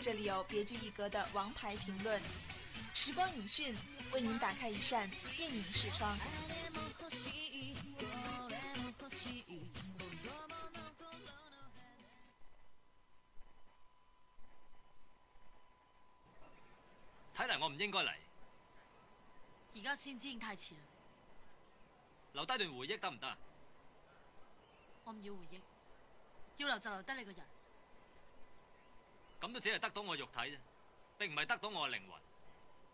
這裡有別具一格的王牌評論，時光影訊為您打開一扇電影視窗。睇嚟我唔應該嚟，而家先知已經太遲了。留低段回憶得唔得？我唔要回憶，要留就留低你個人。咁都只係得到我肉體啫，並唔係得到我嘅靈魂。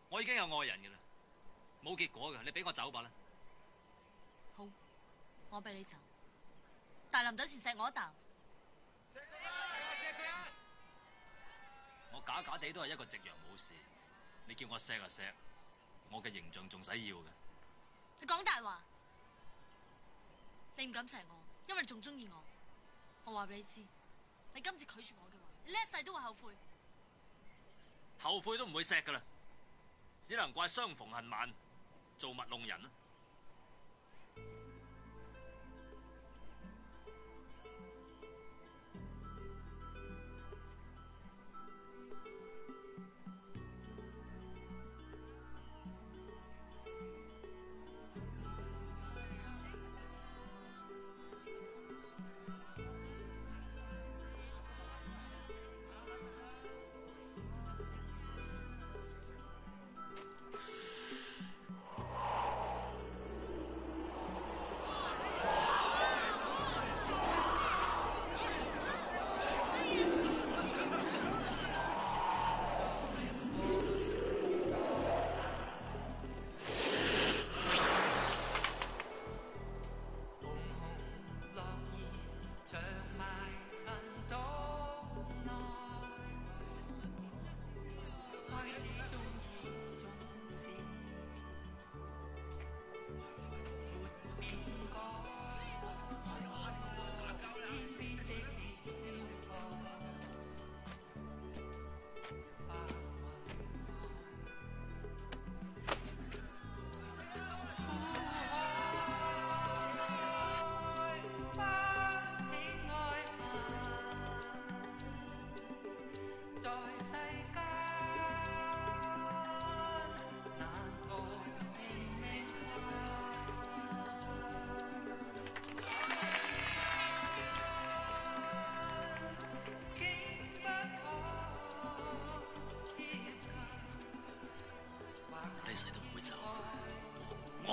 我已經有愛人嘅啦，冇結果嘅，你俾我走吧啦。好，我俾你走。大林走前錫我一啖。啊！啊！我假假地都係一個夕陽武士。你叫我錫啊錫，我嘅形象仲使要嘅。你講大話，你唔敢錫我，因為你仲中意我。我話俾你知，你今次拒絕我。呢一世都會後悔的，後悔都唔會錫㗎喇，只能怪相逢恨晚，造物弄人。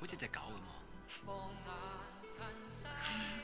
好似隻狗咁